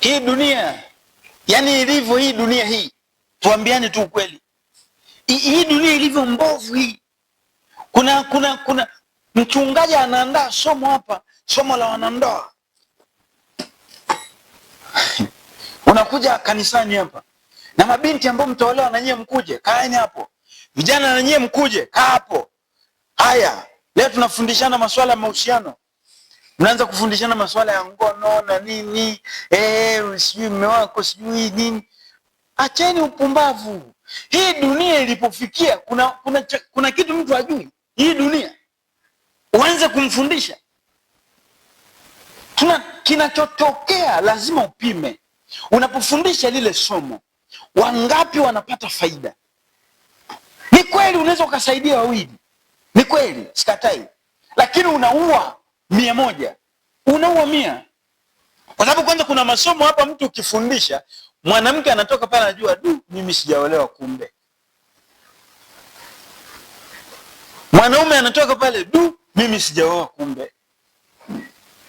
Hii dunia yani ilivyo hii dunia hii, tuambiane tu ukweli, hii dunia ilivyo mbovu hii. Kuna kuna kuna mchungaji anaandaa somo hapa, somo la wanandoa unakuja kanisani hapa na mabinti ambao mtaolewa na nyie mkuje, kaeni hapo. Vijana na nyie mkuje, kaa hapo. Haya, leo tunafundishana masuala ya mahusiano mnaanza kufundishana masuala ya ngono na nini eh, sijui mume wako sijui nini. Acheni upumbavu. Hii dunia ilipofikia, kuna, kuna, kuna kitu mtu ajui hii dunia, uanze kumfundisha tuna kinachotokea. Lazima upime unapofundisha lile somo, wangapi wanapata faida. Ni kweli unaweza ukasaidia wawili, ni kweli, sikatai, lakini unaua mia moja unaua mia, kwa sababu kwanza kuna masomo hapa, mtu ukifundisha mwanamke anatoka pale anajua, du, mimi sijaolewa kumbe. Mwanaume anatoka pale, du, mimi sijaoa kumbe,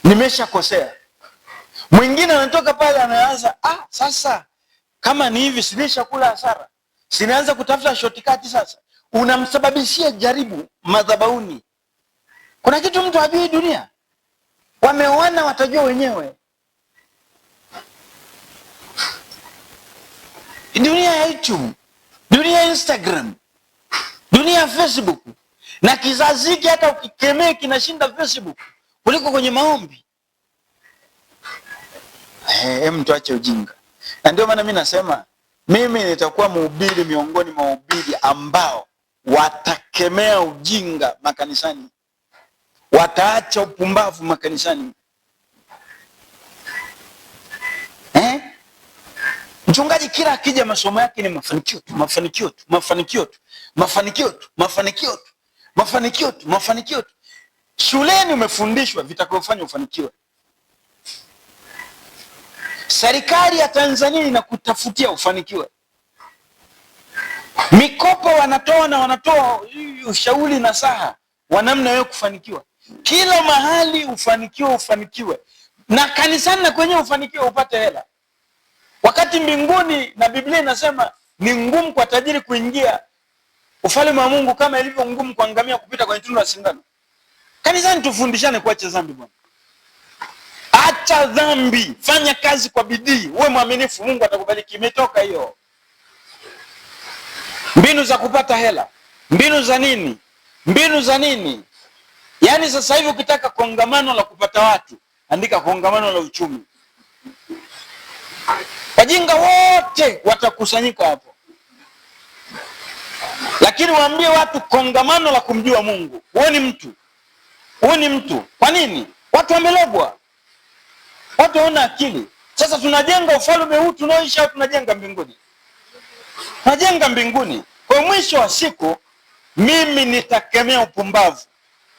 nimeshakosea. Mwingine anatoka pale anaanza, ah, sasa kama ni hivi kula hasara, sinaanza kutafuta shotikati. Sasa unamsababishia jaribu madhabauni. Kuna kitu mtu ajui dunia Wameoana watajua wenyewe. Dunia ya YouTube, dunia ya Instagram, dunia ya Facebook na kizazi hiki hata ukikemee kinashinda Facebook kuliko kwenye maombi. Eh, mtu ache ujinga. Na ndio maana mimi nasema mimi nitakuwa mhubiri miongoni mwa wahubiri ambao watakemea ujinga makanisani wataacha upumbavu makanisani eh? Mchungaji kila akija masomo yake ni mafanikio tu, mafanikio tu, mafanikio tu, mafanikio tu, mafanikio tu, mafanikio tu, mafanikio tu. Shuleni umefundishwa vitakavyofanya ufanikiwe. Serikali ya Tanzania inakutafutia ufanikiwe, mikopo wanatoa na wanatoa ushauri na saha wa namna wewe kufanikiwa. Kila mahali ufanikiwe, ufanikiwe na kanisani na kwenyewe ufanikiwe, upate hela, wakati mbinguni, na Biblia inasema ni ngumu kwa tajiri kuingia ufalme wa Mungu kama ilivyo ngumu kwa ngamia kupita kwenye tundu la sindano. Kanisani tufundishane kuacha dhambi bwana. Acha dhambi, fanya kazi kwa bidii, uwe mwaminifu, Mungu atakubariki. Imetoka hiyo mbinu za kupata hela, mbinu za nini, mbinu za nini Yaani sasa hivi ukitaka kongamano la kupata watu, andika kongamano la uchumi. Wajinga wote watakusanyika hapo, lakini waambie watu kongamano la kumjua Mungu. Huo ni mtu, huo ni mtu. Kwa nini? Watu wamelogwa, watu hawana akili. Sasa tunajenga ufalme huu tunaoishi au tunajenga mbinguni? Tunajenga mbinguni. Kwa mwisho wa siku, mimi nitakemea upumbavu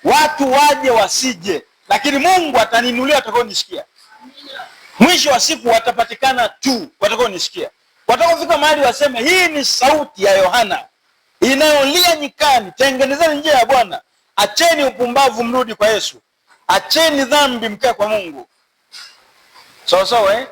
watu waje wasije, lakini Mungu ataninulia watakaonisikia. Mwisho wa siku watapatikana tu watakaonisikia, watakofika mahali waseme, hii ni sauti ya Yohana inayolia nyikani, tengenezeni njia ya Bwana, acheni upumbavu, mrudi kwa Yesu, acheni dhambi, mkae kwa Mungu. Sawa sawa, eh?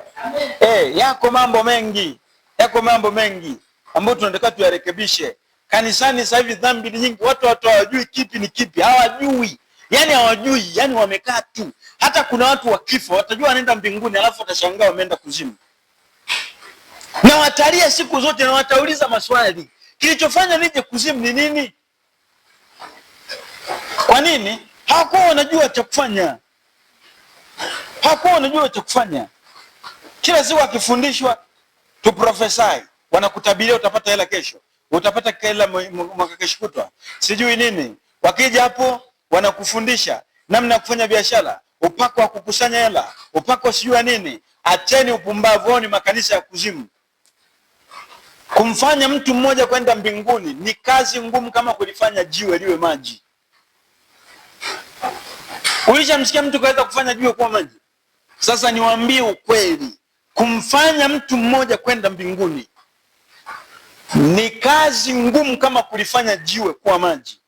Eh, yako mambo mengi, yako mambo mengi ambayo tunataka tuyarekebishe. Kanisani sasa hivi dhambi ni nyingi, watu watu hawajui kipi ni kipi, hawajui yani, hawajui yani, wamekaa tu. Hata kuna watu wakifa watajua wanaenda mbinguni, alafu watashangaa wameenda kuzimu, na watalia siku zote na watauliza maswali, kilichofanya nije kuzimu ni nini? Kwa nini? Hawakuwa wanajua cha kufanya, hawakuwa wanajua cha kufanya. Kila siku akifundishwa tuprofesai, wanakutabiria utapata hela kesho utapata kila mwaka keshikutwa sijui nini. Wakija hapo wanakufundisha namna ya kufanya biashara, upako wa kukusanya hela, upako sijui nini. Acheni upumbavu, ni makanisa ya kuzimu. Kumfanya mtu mmoja kwenda mbinguni ni kazi ngumu kama kulifanya jiwe liwe maji. Ulishamsikia mtu kaweza kufanya jiwe kuwa maji? Sasa niwaambie ukweli, kumfanya mtu mmoja kwenda mbinguni ni kazi ngumu kama kulifanya jiwe kuwa maji.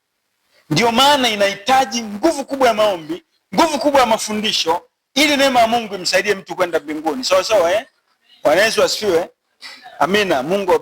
ndio maana inahitaji nguvu kubwa ya maombi, nguvu kubwa ya mafundisho, ili neema ya Mungu imsaidie mtu kwenda mbinguni. Sawa sawa, eh? Bwana Yesu asifiwe. Amina. Mungu